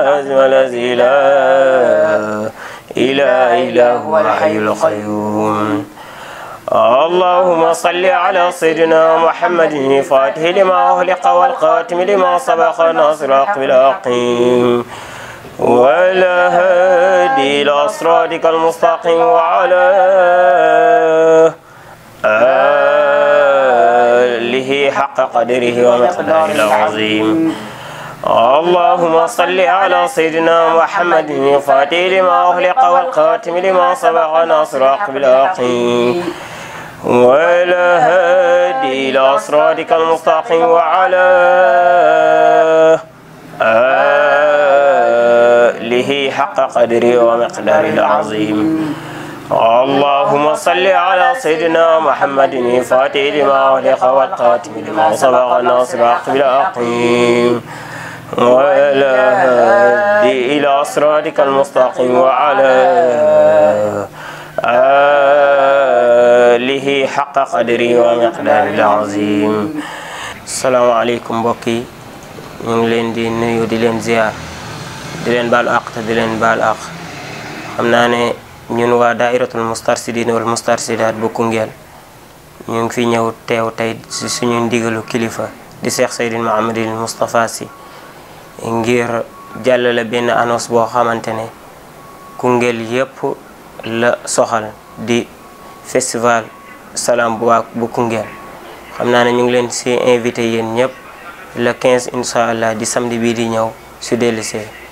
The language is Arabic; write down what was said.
الخاز الذي لا إله إلا هو الحي القيوم اللهم صل على سيدنا محمد فاته لما أهلق والقاتم لما سبق ناصر أقبل أقيم ولا هادي لأسرادك المستقيم وعلى آله حق قدره ومقداره العظيم اللهم صل على سيدنا محمد الفاتح لما أغلق والخاتم لما سبق ناصر بالأخير ولا هدي إلى أسرارك المستقيم وعلى آله حق قدره ومقداره العظيم اللهم صل على سيدنا محمد الفاتح لما أغلق والقاتم لما سبق ناصر بالأخير ولا هدي إلى أسرارك المستقيم وعلى آله حق قدري ومقداري العظيم السلام عليكم بوكي من لين دي نيو دي لين زيار دي لين بالأق دي لين بالأق خمناني نيون وا دائرة المسترسدين والمسترسدات بوكونجيل نيون في نيو تيو تيد سنين ديغلو كليفة دي سيخ سيدين محمد المصطفى سي ngir jàllale benn annonce boo xamante ne Koungheul yépp la soxal di festival Salam bu waa bu Koungheul xam naa ne ñu ngi leen ci invité yéen ñëpp le 15 incha allah di samedi bii di ñëw su dellusee